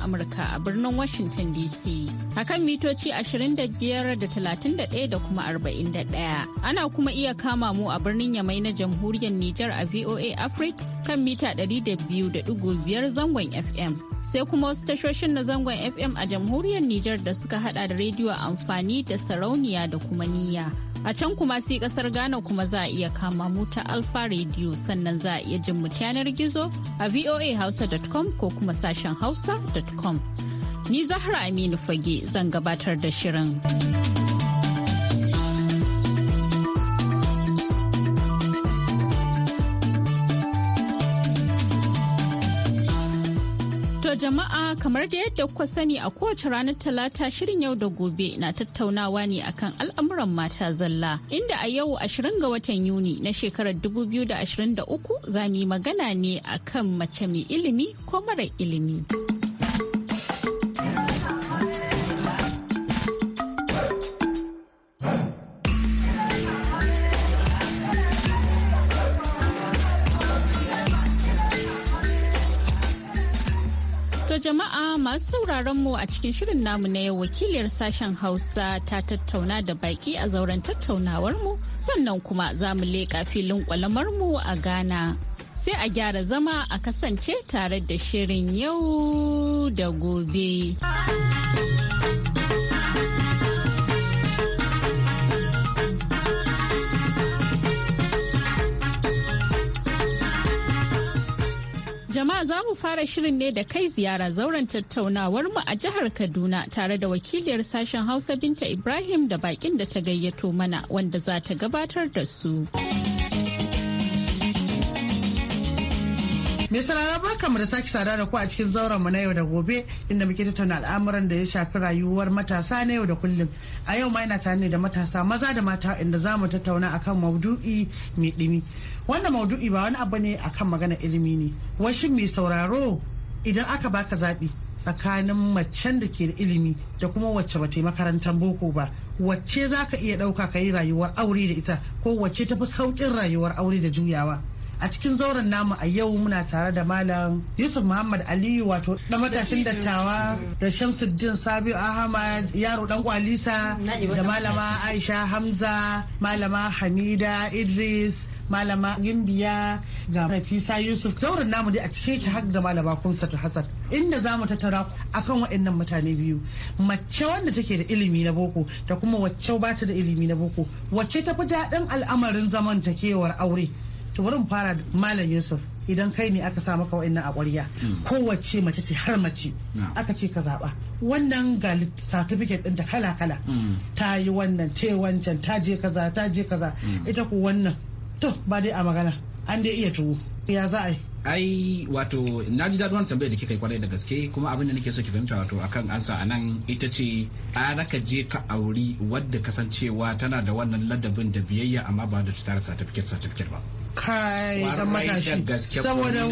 Amurka a birnin Washington DC. A mitoci 25 da 31 da kuma 41. Ana kuma iya kama mu a birnin Yamai na Jamhuriyar Nijar a VOA Africa kan mita 200.5 zangon FM. Sai kuma wasu tashoshin na zangon FM a Jamhuriyar Nijar da suka hada da rediyo amfani da sarauniya da kuma niyya. A can kuma sai kasar Ghana kuma za a iya kama mu ta Alfa Radio sannan za a iya jin mu yanar gizo a voahausa.com ko kuma sashen hausa.com. Ni Zahra Aminu Fage zan gabatar da shirin. jama'a kamar da yadda kuka sani a kowace ranar talata shirin yau da gobe na tattaunawa ne akan al'amuran mata zalla inda a yau 20 ga watan Yuni na shekarar 2023 za mu yi magana ne akan mace mai ilimi ko mara ilimi. masu sauraron mu a cikin shirin namu na yau wakiliyar sashen hausa ta tattauna da baki a zauren tattaunawar mu sannan kuma za mu leƙa filin kwalamar mu a ghana sai a gyara zama a kasance tare da shirin yau da gobe. jama'a za mu fara shirin ne da kai ziyara zauren tattaunawar mu a jihar Kaduna tare da wakiliyar sashen Hausa Binta Ibrahim da bakin da ta gayyato mana wanda za ta gabatar da su. Mai sarara barka mu da sake sada da ku a cikin zauren mu na yau da gobe inda muke tattauna al'amuran da ya shafi rayuwar matasa na yau da kullum. A yau ma yana tare da matasa maza da mata inda za mu tattauna akan maudu'i mai ɗimi. Wanda maudu'i ba wani abu ne akan magana ilimi ne. Washin mai sauraro idan aka baka zaɓi tsakanin macen da ke da ilimi da kuma wacce ba ta yi makarantar boko ba wacce za ka iya ɗauka ka yi rayuwar aure da ita ko wacce tafi saukin rayuwar aure da juyawa. a cikin zauren namu a yau muna tare da malam yusuf muhammad aliyu wato da matashin dattawa da shamsuddin sabiu ahmad yaro dan kwalisa da malama aisha hamza malama hamida idris malama gimbiya ga nafisa yusuf zauren namu dai a cikin ki har da malama kumsatu hassan inda za mu tattara akan waɗannan mutane biyu mace wanda take da ilimi na boko da kuma wacce ba ta da ilimi na boko wacce ta fi daɗin al'amarin zamantakewar aure to bari mu fara malam yusuf idan kai ne aka sa maka wa'annan a ƙwarya hmm. kowace mace ce har mace aka ce ka zaɓa wannan ga certificate ta kala kala hmm. ta yi wannan ta yi wancan ta je kaza ta je kaza hmm. ita ku wannan to ba dai a magana an dai iya tuwo ya za a yi ai wato na ji daɗin tambayar da kika yi kwarai da gaske kuma abin da nake so ki fahimta wato akan ansa anan ita ce a ka je ka auri wadda kasancewa tana da wannan ladabin da biyayya amma ba da ta tara certificate certificate ba kai dan matashi saboda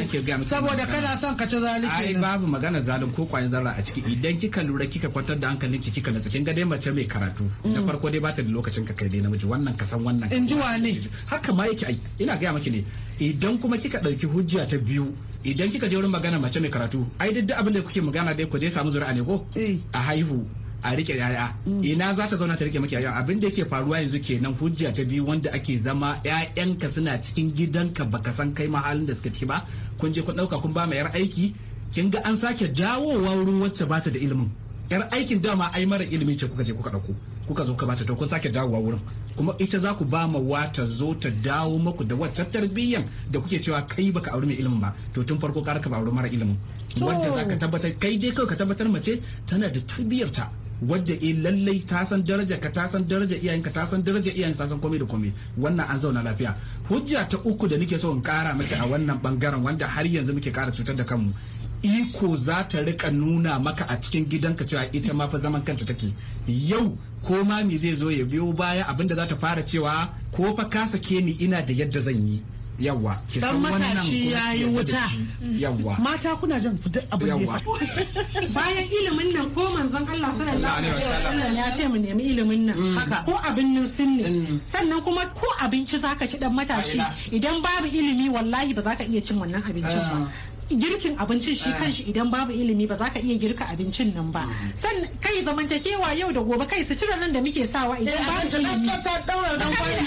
saboda kana son ka ci zalunci ai babu magana zalun ko kwayin zarra a ciki idan kika lura kika kwantar da hankalinki kika natsu kin ga dai mace mai karatu da mm. farko dai bata da lokacin ka kai dai namiji wannan ka san wannan in ji wane haka ma yake ina ga maki ne idan kuma kika dauki hujja ta biyu idan kika je wurin magana mace mai karatu ai duk abin da kuke magana dai ku je samu zuri'a ne ko eh. a haihu a rike yaya mm. ina za ta zauna ta rike maki yaya abin da yake faruwa yanzu kenan hujja ta biyu wanda ake zama ƴaƴanka suna cikin gidanka baka san kai ma da suka ciki ba kun je kun dauka kun ba ma yar aiki kin ga an sake dawowa wurin wacce bata da ilimin yar aikin dama ai mara ilimi ce kuka je kuka dauko kuka zo ka bata to kun sake dawowa wurin kuma ita za ku ba ma wata zo ta dawo maku da wata tarbiyyan da kuke cewa kai baka auri mai ilimin ba to tun farko ka raka ba auri mara ilimin wanda za ka tabbatar kai dai kawai ka tabbatar mace tana da tarbiyyar ta wadda eh lallai ta san daraja ka ta san daraja iyayenka ta san daraja iyayen san komai da komai wannan an zauna lafiya hujja ta uku da nake so in kara miki a wannan bangaren wanda har yanzu muke kara cutar da kanmu iko za ta rika nuna maka a cikin gidanka cewa ita ma fa zaman kanta take yau ko ma me zai zo ya biyo baya abinda za ta fara cewa ko fa ka sake ni ina da yadda zan yi yawa ki san wannan yi wuta yawa mata kuna jan duk abin da bayan ilimin nan ko manzon Allah sallallahu alaihi wasallam ya ce mu nemi ilimin nan mm. haka ko abin nan sunne mm. sannan kuma ko abinci zaka ci dan matashi idan babu ilimi wallahi ba za ka iya cin wannan abincin ba ah. girkin abincin shi ah. kanshi idan babu ilimi ba za ka iya girka abincin nan ba mm-hmm. san kai zamantakewa yau da gobe kai su cire nan da muke sawa idan eh, ba ilimi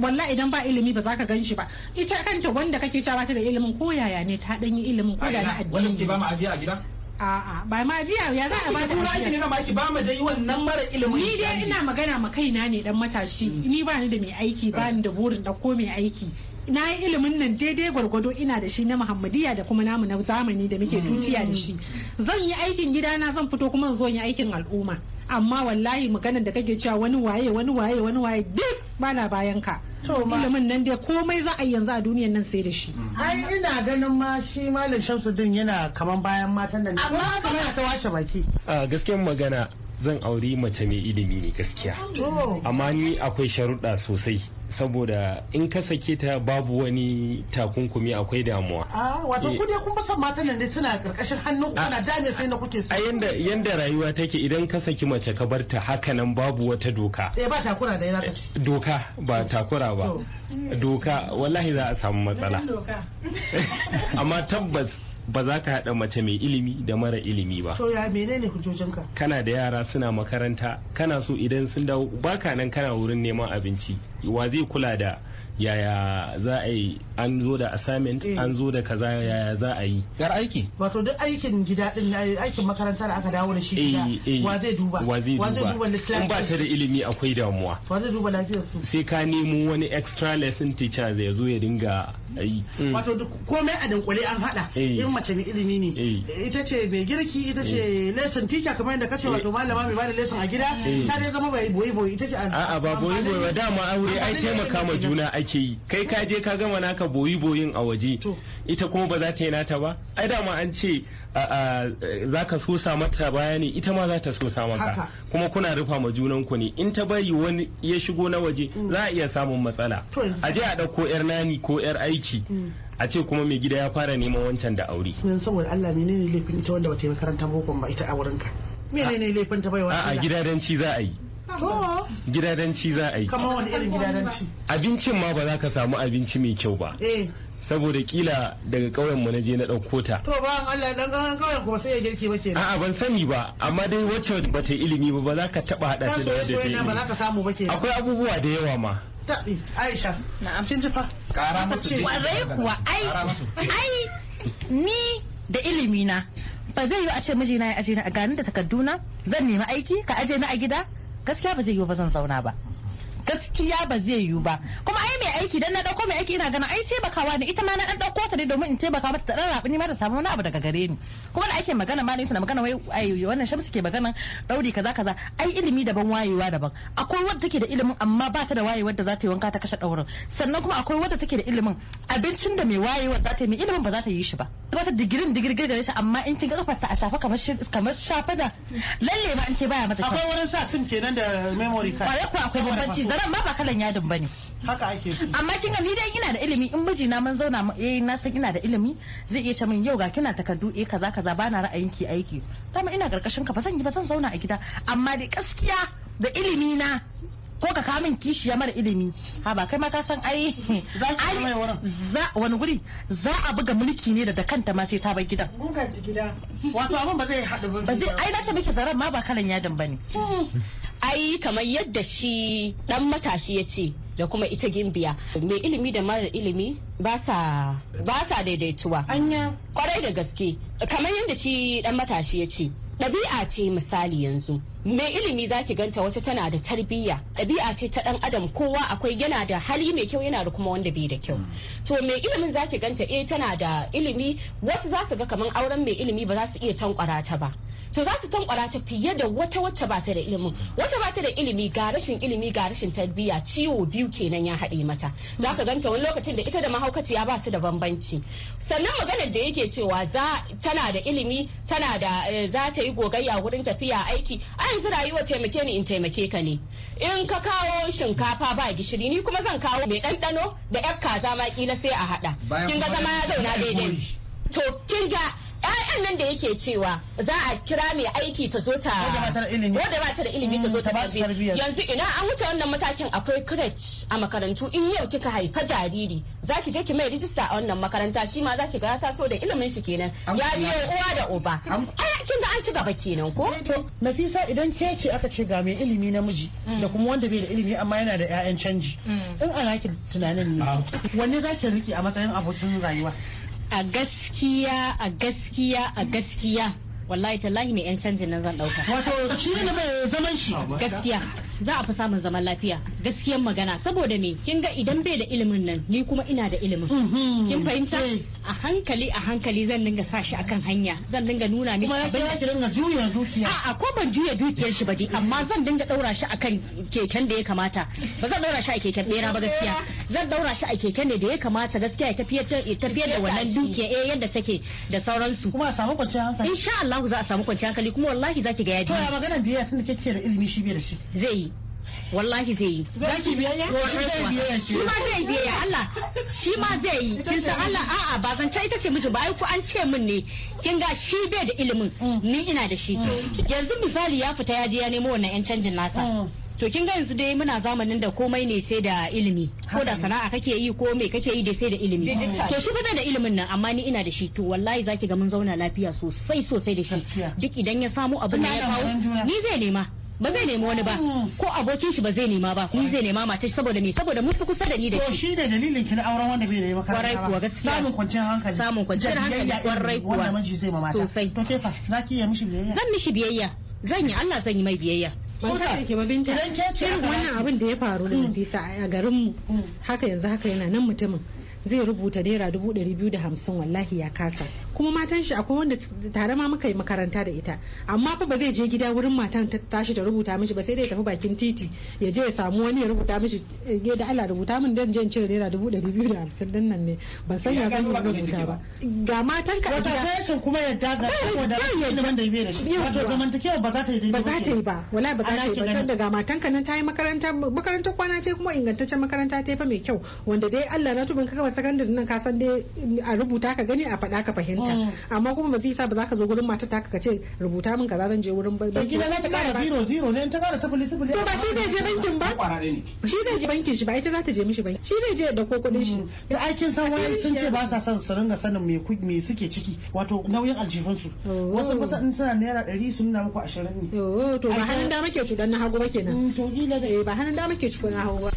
wallahi idan ba ilimi ba za ka gan shi ba ita kanta wanda kake cewa ta da ilimin ko yaya ne ta danyi ilimin ko da na addini wanda kuke ba mu ajiya a gida A'a ba ma jiya ya za a bada ajiya. ba ki ba mu dai wannan mara ilimin. Ni dai ina magana ma kaina ne dan matashi. Mm. Ni ba ni da mai aiki ba eh. ni da burin da ko mai aiki. na yi ilimin nan daidai gwargwado ina da shi na muhammadiya da kuma namu na zamani da muke tuciya da shi zan yi aikin gida na zan fito kuma zo yi aikin al'umma amma wallahi maganar da kake cewa wani waye wani waye wani waye duk bana bayan ka ilimin nan dai komai za a yi yanzu a duniyan nan sai da shi mm. ai ina ganin ma shi malam Shamsu din yana kaman bayan matan nan amma kana ta washe baki a gaskiyar magana zan auri mace mai ilimi ne gaskiya amma ni akwai sharuɗa sosai saboda in ka sake ta babu wani takunkumi akwai damuwa Ah, wato eh. ku kun ba san matan nan dai suna karkashin hannu ku da ah. dame sai na kuke so a yanda yanda rayuwa take idan ka saki mace ka bar ta haka nan babu wata doka eh ba takura da ka ci eh, doka ba takura ba doka wallahi za a samu matsala amma tabbas ba za ka haɗa mace mai ilimi da mara ilimi ba. To ya menene hujjojinka? Kana da yara suna makaranta, kana so idan sun dawo baka nan kana wurin neman abinci. Wa zai kula da yaya za a yi an zo da assignment eh. an zo da kaza yaya za a yi yar aiki wato duk aikin gida din aikin makaranta da aka dawo da shi gida eh, eh. wa zai duba wa zai duba in ba ta da ilimi akwai damuwa wa zai duba lafiyar su sai ka nemo wani extra lesson teacher zai zo ya dinga yi hmm. wato komai a dunkule an hada in mace mai ilimi ne ita ce mai girki ita ce lesson teacher kamar yadda kace wato malama mai bada lesson a gida ta dai zama bai boye boyi ita ce a'a ba boyi boyi ba dama aure ai taimaka ma juna aiki ake yi kai ka je ka gama naka boyi boyin a waje ita kuma ba za ta yi nata ba ai dama an ce za ka so sa mata bayani ita ma za ta so sa maka kuma kuna rufa ma junan ku ne in ta bari wani ya shigo na waje mm. za a iya samun matsala a je a ɗauko yar nani ko yar aiki mm. a ce kuma mai gida ya fara neman wancan da aure yanzu saboda Allah menene laifin ita wanda bata yi makarantar boko ba ita a wurinka menene laifin ta baiwa a gidadanci za a yi gidadanci za a yi kamar wani irin gidadanci abincin ma ba za ka samu abinci mai kyau ba eh. saboda kila daga ƙauyen mu na je na ɗauko ta. To ba Allah dan ƙauyen ba sai ya girke ba ke. A'a ban sani ba amma dai wacce ba ta ilimi ba ba za ka taɓa hada shi da wanda ba za ka samu ba Akwai abubuwa da yawa ma. Aisha. Na'am. Kin ji fa. Ƙara musu. Ƙwarai kuwa ai ai ni da ilimi na ba zai yi a ce na ya aje na a ganin da takarduna zan nemi aiki ka aje na a gida gaskiya ba zai yiwu ba zan zauna ba gaskiya ba zai yiwu ba kuma ai mai aiki dan na dauko mai aiki ina gana ai taimakawa ne ita ma na dan dauko ta ne domin in taimaka mata ta dan rabu ni ma da samu wani abu daga gare ni kuma da ake magana ma ne suna magana wai ai wannan shamsu ke magana dauri kaza kaza ai ilimi daban wayewa daban akwai wadda take da ilimin amma ba ta da wayewar da za ta yi wanka ta kashe daurin sannan kuma akwai wadda take da ilimin abincin da mai wayewa za ta yi mai ilimin ba za ta yi shi ba wata digirin digirgir gare shi amma in kin ga kafarta a shafa kamar kamar shafa da lalle ma in ce baya mata akwai wurin sa sim kenan da memory card akwai akwai zaren ma ba kalan yadin ba ne haka ake su amma kin ni dai ina da ilimi in miji na mun zauna eh na san ina da ilimi zai iya ce min yau ga kina takardu eh kaza kaza ba na ra'ayin ki aiki dama ina karkashin ka ba zan yi ba san zauna a gida amma da gaskiya da ilimi na ko ka kamin kishiya mara ilimi ha ba kai ma ka san ai za wani guri za a buga mulki ne da kanta ma sai ta bar gidan buga ji gida wato abun ba zai haɗu ba zai ai na shi muke zaran ma ba kalan yadin bane ai kamar yadda shi dan matashi ya ce da kuma ita gimbiya mai ilimi da mara ilimi ba sa daidaituwa kwarai da gaske kamar yadda shi dan matashi ya ce ɗabi'a ce misali yanzu mai ilimi zaki ganta wata tana da tarbiyya ɗabi'a ce ta ɗan adam kowa akwai yana da hali mai kyau yana da kuma wanda bai da kyau mm. to mai ilimin zaki ganta e tana da ilimi wasu za su ga kamar auren mai ilimi ba za su iya tankwara ta ba to za su tankwara ta fiye da wata wacce ba ta da ilimin wata ba ta da ilimi ga rashin ilimi ga rashin tarbiyya ciwo biyu kenan ya haɗe mata za ka ganta wani lokacin da ita da mahaukaciya ba su da bambanci sannan maganar da yake cewa za tana da ilimi tana da eh, za ta yi gogayya wurin tafiya aiki a yanzu rayuwa taimake ni in taimake ka ne in ka kawo shinkafa ba gishiri ni kuma zan kawo mai ɗanɗano da yar kaza ma kila sai a haɗa kin ga zama ya zauna daidai to kin ga wa'an nan da yake cewa za a kira mai aiki ta zo ta wadda ba ta da ilimi ta zo mm, ta tarbiyya yanzu ina an wuce wannan matakin akwai crèche a makarantu in yau kika haifa jariri za ki je ki mai rijista a wannan makaranta shi ma za ki ga ta so da ilimin shi kenan ya biyo uwa da uba kin ga an ci gaba kenan ko eh, nafisa idan ke ce aka ce ga mai ilimi namiji mm. da kuma wanda bai da ilimi amma yana da 'ya'yan canji mm. in ana ki tunanin ne ah. wanne za ki riki a matsayin abokin rayuwa a gaskiya a gaskiya a gaskiya wallahi tallahi mai yan canjin nan zan dauka wato shi ne mai zaman shi gaskiya za a fi samun zaman lafiya gaskiyar magana saboda me kin ga idan bai da ilimin nan ni kuma ina da ilimin mm-hmm. kin fahimta eh. a hankali a hankali zan dinga sa shi akan hanya zan dinga nuna mishi abin da dinga juya dukiya a ko ban juya dukiyar shi ba dai amma zan dinga daura shi akan keken da ya kamata ba zan daura shi a keken bera ba gaskiya zan daura shi a keken ne da ya kamata gaskiya ya tafiyar da wannan dukiya eh yadda take da sauransu kuma a samu kwanciyar hankali insha Allah za a samu kwanciyar hankali kuma wallahi zaki ga ya to ya magana biyayya tunda kike da ilimi shi bai da shi zai yi wallahi zai yi zaki biyayya shi ma zai biyayya Allah shi ma zai yi kin san Allah a'a ba zance ita ce miji ba ku an ce min ne kin ga shi bai da ilimin mm. ni ina da shi mm. yanzu misali ya fita ya je ya nemo wannan yan canjin nasa mm. to kin ga yanzu dai muna zamanin da komai ne sai da ilimi ko da sana'a kake yi ko me kake yi dai sai da ilimi to shi bai da ilimin nan amma ni ina da shi to wallahi zaki ga mun zauna lafiya sosai sosai da shi duk idan ya samu abin da ya kawo ni zai nema ba zai nemi wani ba ko abokin shi ba zai nema ba ni zai nema matar saboda me saboda mun fi kusa da ni da shi to shi da dalilin ki na auren wanda bai da makaranta kwarai kuwa gaskiya samun kwanciyar hankali samun kwanciyar hankali kwarai kuwa wannan miji zai ma mata sosai to kefa zaki yi mishi biyayya zan mishi biyayya zan yi Allah zan yi mai biyayya Kusa wannan abin da ya faru da Nafisa a garinmu mm. haka yanzu haka yana nan mutumin zai rubuta naira dubu ɗari biyu da hamsin wallahi ya kasa kuma matan shi akwai wanda tare ma muka yi makaranta da ita amma fa ba zai je gida wurin matan ta tashi ta rubuta mishi ba sai dai tafi bakin titi ya je ya samu wani ya rubuta mishi ya eh, da Allah rubuta min dan je in cire naira dubu ɗari biyu da hamsin din nan ne ba san ya san rubuta ba ga matan ka wata fashion kuma yadda ga saboda ya da bai da shi wato zamantakewa ba za ta yi ba za ta yi ba wala ba za ta yi ba tunda ga matan ka nan ta yi makaranta makarantar kwana ce kuma ingantaccen makaranta ta fa mai kyau wanda dai Allah na tubin ka sakandare nan ka san dai a rubuta ka gani a faɗa ka fahimta mm. amma kuma ba zai sa ba za ka zo gurin mata ta ka ce rubuta min kaza zan je wurin ba Banki za ta kara zero zero ne ta kara sifili sifili. To ba shi zai je bankin ba. Shi zai je bankin shi ba ita za ta je mishi banki. Shi zai je da ko kuɗin shi. Mm. Da aikin san wani sun ce ba sa son su ringa sanin me me suke ciki wato nauyin aljihun su. Oh. Wasu kusa in suna naira 100 sun nuna muku ashirin ne. Oh, to mm, eh, ba hannun dama ke cudan na hagu ba kenan. To kila da. Ba hannun dama ke cudan na hagu ba.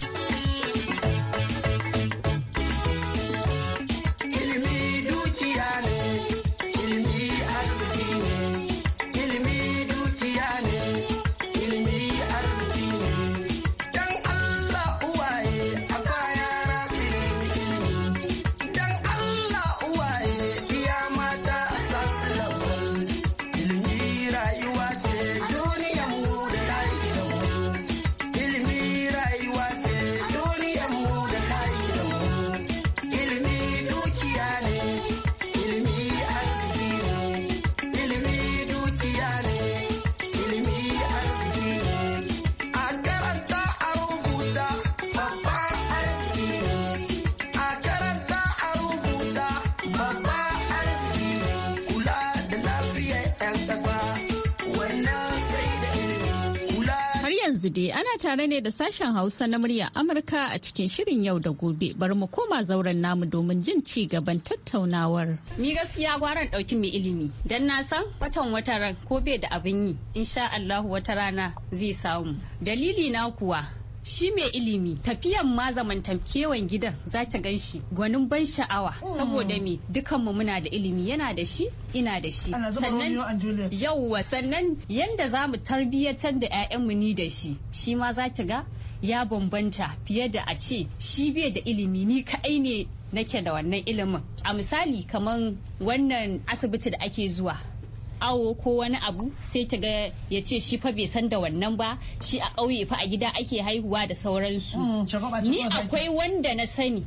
yanzu dai ana tare ne da sashen Hausa na murya Amurka a cikin shirin yau da gobe. Bari mu koma zauren namu domin jin ci gaban tattaunawar. Ni gaskiya gwaran ɗauki mai ilimi, dan na san watan wataran ko bai da abin yi, insha Allahu wata rana zai samu. Dalili na kuwa shi mai ilimi tafiyan ma zamantakewan gidan zata ta gan shi gwanin ban sha'awa mm. saboda me dukanmu muna da ilimi yana da shi ina da shi sannan yauwa sannan yanda za mu tarbiyyatar da mu ni da shi shi ma za ta ga ya bambanta fiye da a ce shi bai da ilimi ni kaɗai ne nake da wannan ilimin a misali kamar wannan asibiti da ake zuwa awo ko wani abu sai ta ga ya ce shi fa bai san da wannan ba shi a ƙauye fa a gida ake haihuwa da sauransu mm, ni akwai wanda na sani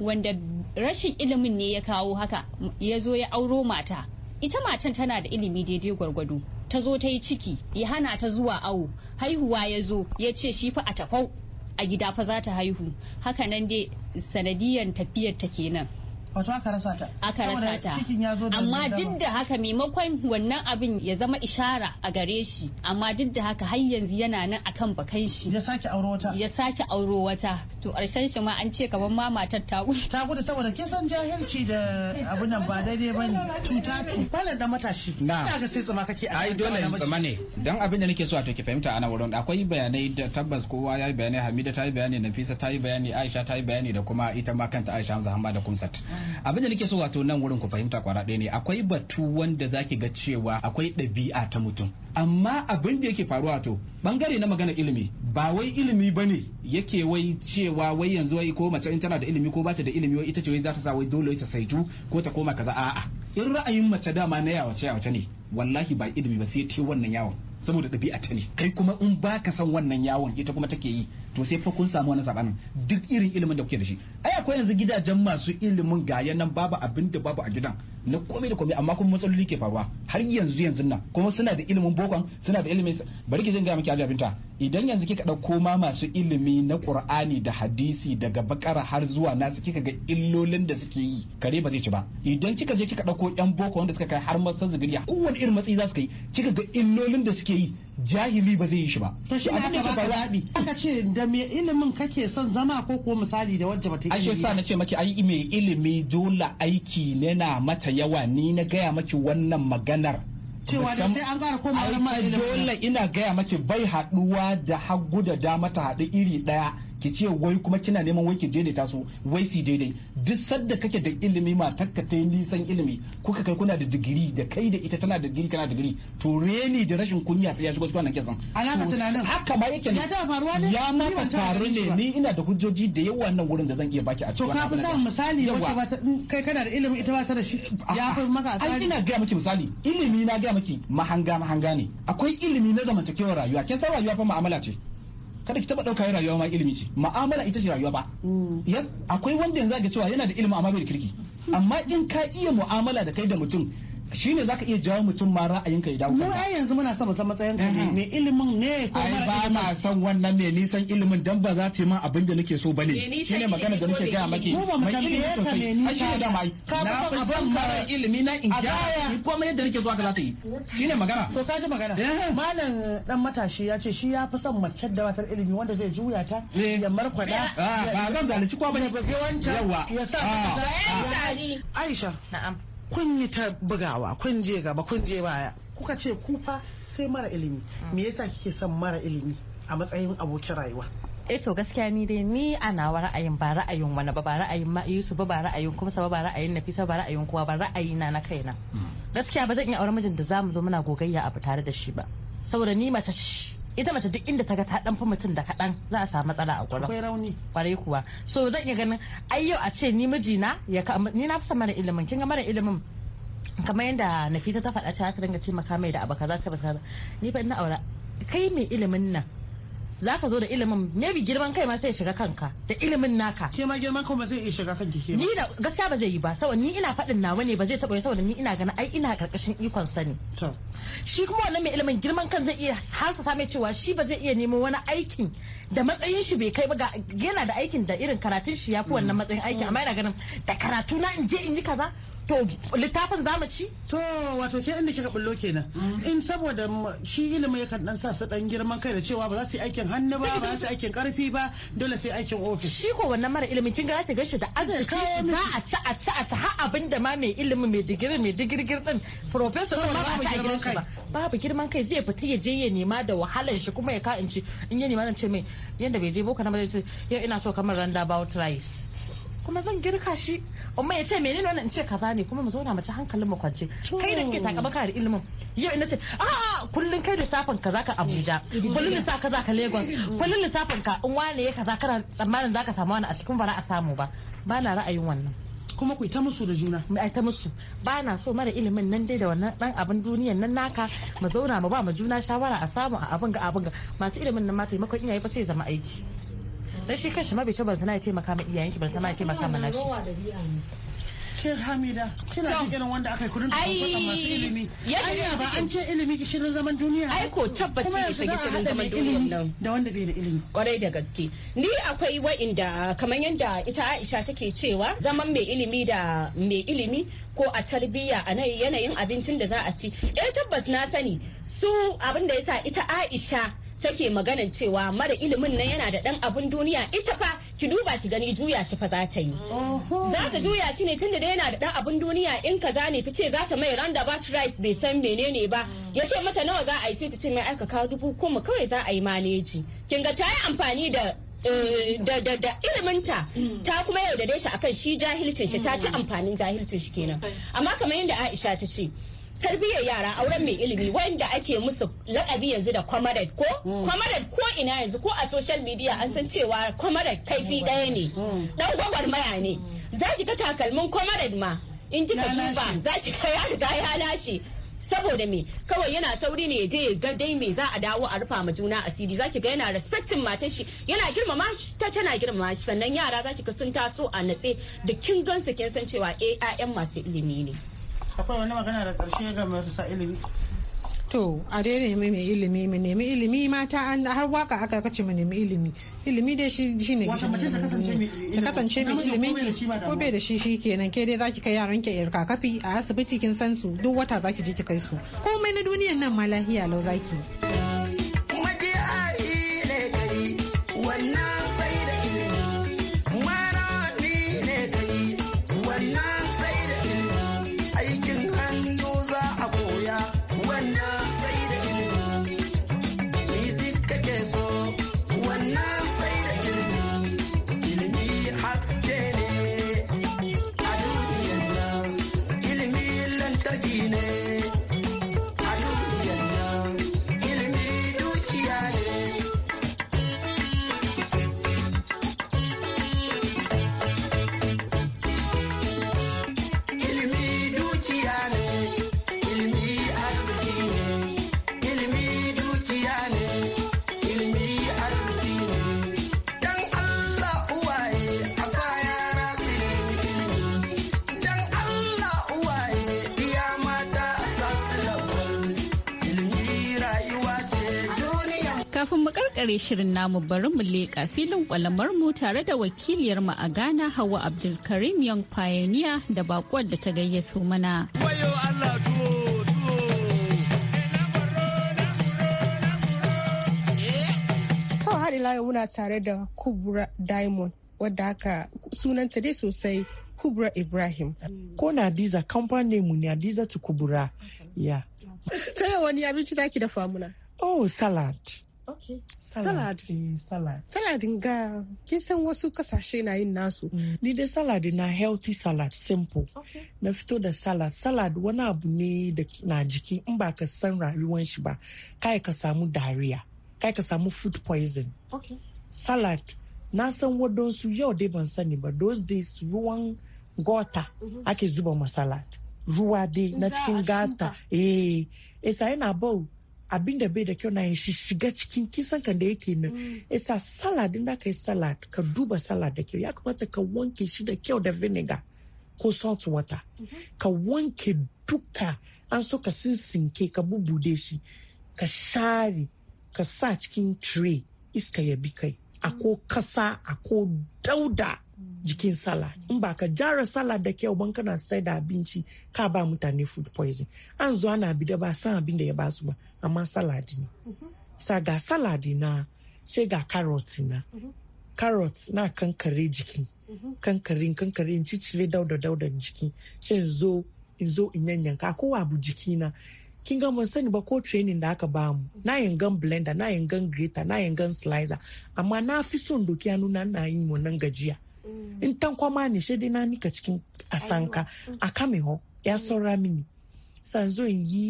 wanda rashin ilimin ne ya kawo haka ya zo ya auro mata ita matan tana da ilimi daidai gwargwado ta zo ta yi ciki ya hana ta zuwa awo haihuwa ya zo ya ce shi fa a tafau a gida fa za ta haihu haka nan dai sanadiyan tafiyar ta kenan wato aka rasa ta aka rasa ta amma duk da haka maimakon wannan abin ya zama ishara a gare shi amma duk da haka har yanzu yana nan akan bakan shi ya sake auro wata ya sake auro wata to karshen shi ma an ce kamar ma matar ta gudu ta gudu saboda san jahilci da abin nan ba daidai bane cuta ce bala da matashi na ga sai tsama kake ai dole in tsama ne dan abin da nake so a to ki fahimta ana wurin akwai bayanai da tabbas kowa yayi bayanai Hamida ta yi bayani Nafisa ta yi bayani Aisha ta yi bayani da kuma ita ma kanta Aisha Hamza Hamma da Kumsat abinda nake so wato nan wurin ku fahimta kwara ɗaya ne akwai batu wanda zaki ga cewa akwai ɗabi'a ta mutum amma abin da yake faruwa to bangare na magana ilimi ba wai ilimi ba ne yake wai cewa wai yanzu wai ko mace in tana da ilimi ko bata da ilimi wai ita ce wai za ta sa wai dole ta saitu ko ta koma kaza a'a in ra'ayin mace dama na yawace yawace ne wallahi ba ilimi ba sai ta wannan yawon saboda ɗabi'a ta ne kai kuma in baka ka san wannan yawon ita kuma take yi to sai fa kun samu wani sabanin duk irin ilimin da kuke da shi ai akwai yanzu gidajen masu ilimin ga nan babu abin da babu a gidan na komai da komai amma kuma matsaloli ke faruwa har yanzu yanzu nan kuma suna da ilimin bokon suna da ilimin bari ki jin miki ajabinta idan yanzu kika dauko ma masu ilimi na qur'ani da hadisi daga bakara har zuwa nasu kika ga illolin da suke yi kare ba zai ci ba idan kika je kika dauko yan boko wanda suka kai har masa zigiriya kowane irin matsayi za su kai kika ga illolin da suke yi jahili ba zai yi shi ba to shi da ba zaɓi. aka ce da me ilimin kake son zama ko kuwa misali da wacce bata yi sa na ce maki ai me ilimi dole aiki ne na mata yawa ni na gaya maki wannan maganar cewa da sai an kara koma dole ina gaya maki bai haɗuwa da hagu da dama ta haɗu iri ɗaya ki ce wai kuma kina neman wai ki daidaita su wai si daidai duk sadda kake da ilimi ma takka ta nisan ilimi kuka kai kuna da digiri da kai da ita tana da digiri kana da digiri to reni da rashin kunya sai ya shigo cikin wannan tunanin. haka ma yake ne ya ma faru ne ni ina da hujjoji da yawa nan wurin da zan iya baki a cikin to ka fi samun misali wacce ba kai kana da ilimi ita ba ta da shi ya fi maka asali ai ina ga miki misali ilimi na ga miki mahanga mahanga ne akwai ilimi na zamantakewar rayuwa kin san rayuwa fa mu'amala ce kada ki taba dauka yana rayuwa ma ilimi ce ma'amala ita ce rayuwa ba mm. yes akwai wanda yanzu ga cewa yana da ilimi amma bai da kirki mm. amma in ka iya mu'amala da kai da mutum za zaka iya jawo mutum ma ra'ayinka idan dawo mu ai yanzu muna son san matsayin ka ne me ilimin ne ko ai ba na san wannan ne ni san ilimin dan ba za ta yi min abin da nake so bane ne magana da nake gaya maki mai ilimi sosai ai shine da mai ka ba san mara ilimi na in ga mai yadda nake so ka za ta yi ne magana to ka ji magana malam dan matashi ya ce shi ya fi son mace da matar ilimi wanda zai juya ta eh. ya markwada ah, ba zan zalunci ko bane yawa ya sa ah, Aisha na'am kun yi ta bugawa kun je gaba kun je baya kuka ce ku fa sai mara ilimi mm. me yasa kike son mara ilimi a matsayin abokin rayuwa eh to gaskiya ni dai ni ana wa ra'ayin ba ra'ayin wani ba ba ra'ayin Yusuf ba ba ra'ayin kuma ba ra'ayin Nafisa ba ra'ayin kowa ba ra'ayina na kaina mm. gaskiya ba zan iya aure mijin da zamu zo muna gogayya abu tare da shi ba saboda ni mace ce ita mace duk inda ta ga ta dan fi mutum da kaɗan za a samu matsala a gurin akwai kwarai kuwa so zan iya ganin ai yau a ce ni mijina ya ni na fi mana mara ilimin kin ga mara ilimin kamar yadda nafisa ta faɗa ta ringa taimaka mai da abu kaza ta ni ban ina aura kai mai ilimin nan za ka zo da ilimin maybe girman kai ma sai shiga kanka da ilimin naka ke ma girman kai ba zai iya shiga kanki ke ni da gaskiya ba zai yi ba saboda ni ina faɗin nawa ne ba zai taɓa yi saboda ni ina ganin ai ina karkashin ikon sani shi kuma wannan mai ilimin girman kan zai iya har sa mai cewa shi ba zai iya neman wani aikin da matsayin shi bai kai ba yana da aikin da irin karatun shi ya fi wannan mm. matsayin aikin amma yana ganin da karatu na in je in yi kaza to littafin zamu ci to wato ke inda kika bullo kenan mm. in saboda shi ilimi yakan dan sa su dan girman kai da cewa ba za su yi aikin hannu ba ba za su yi aikin karfi ba dole sai aikin ofis shi ko wannan mara ilimin kin ga ta gashi da arziki za a ci a ci a ci har abinda ma mai ilimi mai digiri mai digirgir din professor ma ba ta girman kai babu girman kai zai fita ya je ya nema da wahalar shi kuma ya ka in ci in ya nema zan ce mai yanda bai je boko na ba zai ce ina so kamar randa about rice kuma zan girka shi amma ya ce menene wannan in ce kaza ne kuma mu zauna mu ci hankalin mu kwance kai da kike takaba baka da ilimin yau ina ce a kullun kai lissafin ka zaka Abuja kullun lissafin ka zaka Lagos kullun lissafin ka in wane ya kaza kana tsammanin zaka samu wani a cikin bara a samu ba ba na ra'ayin wannan kuma ku ta musu da juna mu ta musu ba na so mara ilimin nan dai da wannan dan abin duniyar nan naka mu zauna mu ba mu juna shawara a samu a abin ga abin ga masu ilimin nan ma taimakon iyaye ba sai zama aiki dan shi kanshi ma bai ce balantana ya taimaka ma iyayenki balantana ya taimaka ma nashi ke hamida kina jin irin wanda aka yi kudin tafafa masu ilimi anya ba an ce ilimi gishirin zaman duniya ai ko tabbas shi ne gishirin zaman duniya kuma yanzu za a da wanda bai da ilimi kwarai da gaske ni akwai wa'inda kamar yadda ita Aisha take cewa zaman mai ilimi da mai ilimi ko a tarbiyya a yanayin abincin da za a ci eh tabbas na sani su abin da ya sa ita Aisha take maganan cewa mara ilimin nan yana da dan abun duniya ita fa ki duba ki gani juya shi fa za ta yi za ta juya shi ne tunda da yana da dan abun duniya in kaza ne ta ce za ta mai roundabout rice bai san menene ba mm. ya ce mata nawa za a yi sai ta ce mai aika kawo dubu kuma kawai za a yi maneji kin ga ta yi amfani da eh, da da da iliminta mm. ta kuma yaudare shi akan shi jahilcin shi ta ci mm. amfanin jahilcin shi kenan amma kamar yadda Aisha ta ce tarbiyyar yara auren mai ilimi wanda ake musu lakabi yanzu da comrade ko hmm. comrade ko ina yanzu ko a social media an san cewa comrade kaifi daya hmm. ne hmm. dan gwagwarmaya ne zaki ta takalmin comrade ma in kika duba zaki ka ya riga ya lashe saboda me kawai yana sauri ne je ga dai me za a dawo a rufa ma juna asiri zaki ga yana respecting matan shi yana girmama shi ta tana girmama shi sannan yara zaki ga sun taso a natse da kin gansu kin san cewa eh masu ilimi ne akwai wani magana da karshe ga marasa ilimi to a dai nemi mai ilimi mai nemi ilimi mata an har waka aka kace mai nemi ilimi ilimi dai shi shi ne ta kasance mai ilimi ko bai da shi shi kenan ke dai zaki kai yaran irka kafi a asibiti kin san su duk wata zaki je ki kai su komai na duniyan nan ma lahiya lau zaki kare shirin namu bari mu leƙa filin kwalamar mu tare da wakiliyar mu a Ghana Hawa Abdulkarim Young Pioneer da bakuwar da ta gayyato mana. har ila yau muna tare da kubra diamond wadda aka sunanta dai sosai kubra ibrahim ko na diza kamfanin mu ne diza to kubra ya Sai wani abinci zaki da famuna oh salad Okay. Salad. Salad. Salad nga kin san wasu kasashe na yin nasu. Mm. Ni dai salad na healthy salad simple. Na fito da salad. Salad wani abu ne da na jiki in ba ka san rayuwan shi ba. Kai ka samu diarrhea. Kai ka samu food poison. Okay. Salad na san wadansu yau dai ban sani ba those days ruwan gota mhm. ake zuba ma salad. Ruwa dai na cikin gata. Eh, esa eh, yana bau abin da bai da kyau na shi shiga cikin kisan kan da yake nan mm. isa salad inda ka yi salad ka duba salad da kyau ya kamata ka wanke shi da kyau da vinegar ko salt water mm-hmm. ka wanke duka an so ka sinsinke ka bubude shi ka share ka sa cikin tray iska ya bi kai ako kasa ako dauda jikin sala in ba ka jara salad da kyau ban kana sai da abinci ka ba mutane food poison an zo ana bi da ba san abin da ya ba su ba amma salad ne sa ga salad na sai ga carrot na carrot na kankare jiki kankare in cicire dauda dauda jiki sai in zo in zo in yanyanka ko abu jiki na kin ga mun sani ba ko training da aka ba mu na yangan blender na yangan grater na yangan slicer amma na fi son doki hannu na na yin nan gajiya Mm. ntankwama ne hyɛ de n'anika cikin asanka aka mm. mi hɔ yasɔra mm. mi ni sanzo yi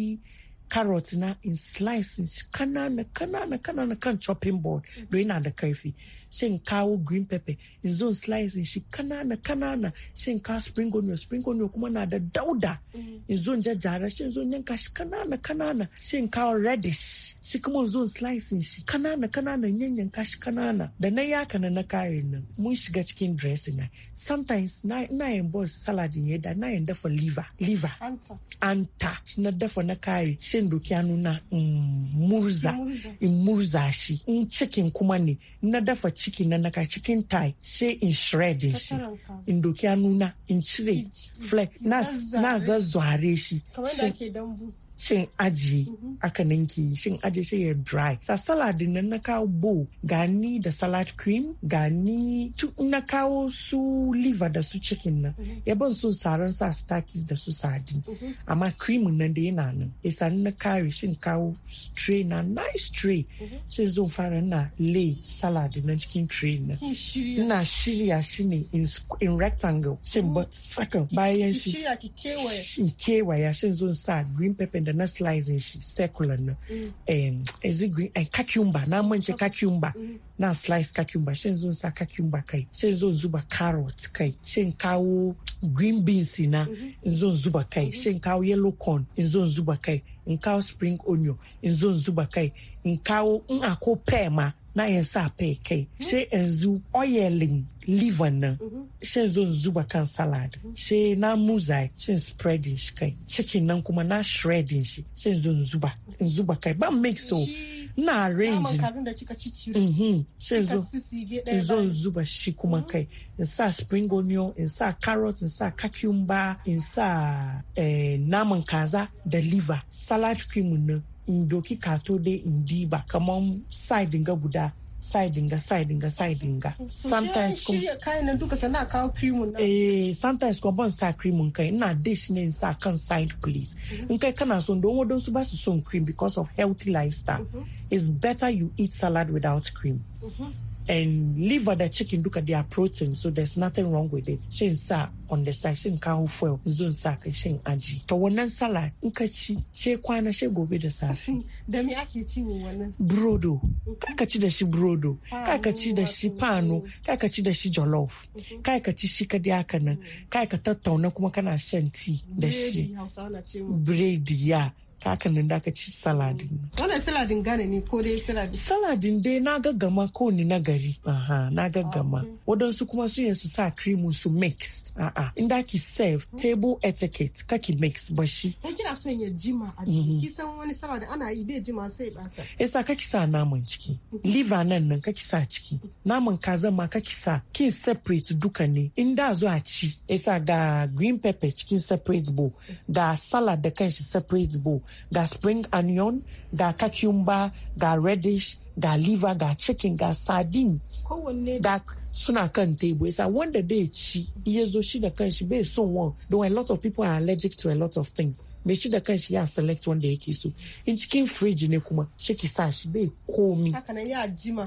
carrot na in slice kanana kanana kanana kan chopping board do ina da karfi shin kawo green pepper in zone slicing shi kanana kanana shin ka spring onion spring onion kuma na da dauda mm-hmm. in zone jajjara shin zo yanka shi kanana kanana shin kawo radish shi kuma in zone slicing shi kanana kanana yanyanka shi kanana da na yaka na na kayan nan mun shiga cikin dressing na sometimes na yin bol salad ne da na yin dafa liver liver anta shi na dafa na kare shin doki hannu na mm, murza in murza shi in chicken kuma ne na dafa ciki na naka cikin tai sai in shred shi in doki na in cire flake na zazzware shi shin aji mhm. aka ninki shin aji shi ya dry sa salad nan na kawo bo gani da salad cream gani na kawo su liver da su chicken na. Mhm. ya ban sun saran sa stakis da su sadi mhm. amma cream nan da yana nan ya sani na kare shin kawo tray na nice tray sai zo fara na lay salad na cikin tray na. ina shirya shi ne in rectangle shin oh. ba bayan shi in kewaya shin zo sa green pepper da na slice shi circular nan ezigwe ai cucumber na mance cucumber mm-hmm. na slice cucumber shin zo sa cucumber kai shin zo zuba carrot kai shin kawo green beans na mm-hmm. in zo zuba kai mm-hmm. shin kawo yellow corn in zo zuba kai in kawo spring onion in zo zuba kai in kawo in ako pear ma na ya sa fai mhm. kai she yanzu oyelin, liva nan she zo mhm. zuba kan salad she mhm. na muzai she spreading shi kai chicken nan kuma na shredding shi she zo zuba in zuba kai ba mix so na arrange mhm she zo in zo zuba shi kuma kai in sa spring onion in sa carrot in sa cucumber in sa eh, naman kaza da liver salad cream nan in doki to dai in diba kamar side ga guda side ga side ga side ga mm-hmm. sometimes kuma shirya kayan nan duka sana kawo cream na. eh sometimes kuma ban sa cream kai ina dish ne sa kan side please in mm-hmm. kai kana son don wadon su ba su son cream because of healthy lifestyle mm it's better you eat salad without cream mm -hmm. and liver da chicken duka they are protein so there's nothing wrong with it shin sa on the side shin kawo fuel sa ka shin aji to wannan salad in ka ci she kwana she gobe da safe da me ake ci ne wannan brodo mm-hmm. ka ci da shi brodo ka ci da shi pano ka ci da shi jollof mm-hmm. ka ci shi ka haka nan mm-hmm. ka ka tattauna kuma kana shan tea da shi bread ya kakannin da aka ci saladin. Wannan saladin gane ne ko dai saladin? Saladin dai na gaggama ko ni na gari. Aha, na gaggama. Ah, Wadansu kuma su yin su sa cream su mix. A'a, inda ki serve table etiquette ka ki mix ba shi. Kai kina son ya jima a ciki. Mhm. Ki san wani saladin ana yi bai jima sai ya bata. Yasa ka ki sa naman ciki. Liver nan nan ka sa ciki. Naman kaza ma ka sa. Kin separate duka ne. In da zo a ci. Yasa ga green pepper cikin separate bowl. Ga salad da kanshi separate bowl. ga spring onion ga cucumber ga reddish ga liver ga chicken ga sardine kowanne da suna kan table isa wanda dai ci iya zo shi da kanshi bai son wan don a lot of people are allergic to a lot of things Me shi da kanshi ya select wanda yake so in cikin fridge ne kuma shi ki sa shi bai komi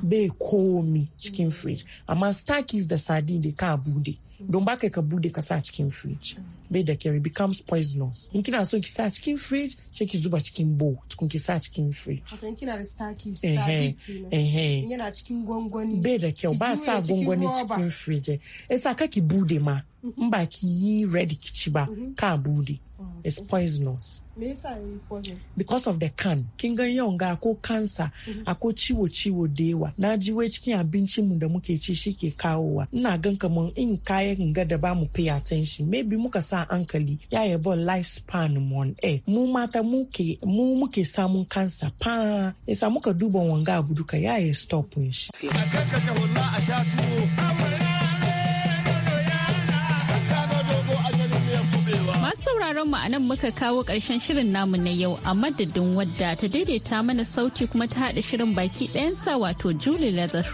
bai komi cikin fridge amma starkies da sardine da ka bude don ba ka bude ka sa cikin fridge bai da kyau becomes poisonous in kina so ki sa cikin fridge sai ki zuba cikin bowl tukun ki sa cikin fridge in kina da staki eh, eh, staki yana eh, cikin gwangwani bai da kyau ba sa gwangwani cikin fridge eh e sa ka ki bude ma in mhm. ba ki yi ready ki ci ba mhm. ka bude oh, is poisonous me yasa poison because of the can kin ga yau ga ko cancer mhm. ko ciwo ciwo da yawa na ji wai cikin abinci mu da muke ci shi ke kawowa ina gan kaman in kayan ga da ba mu pay attention maybe muka sa sa hankali ya yi ball life span mon e mu mata muke mu muke samun kansa pa isa muka duba wanga abu duka ya yi stop shi. sauraron mu a muka kawo ƙarshen shirin namu na yau a madadin wadda ta daidaita mana sauti kuma ta haɗa shirin baki sa wato Julie Leather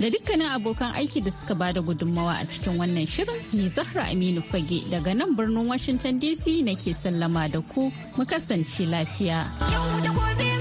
da dukkanin abokan aiki da suka bada gudunmawa a cikin wannan shirin ni zahra aminu fage daga nan birnin washington dc nake sallama da ku mu kasance lafiya yau da gobe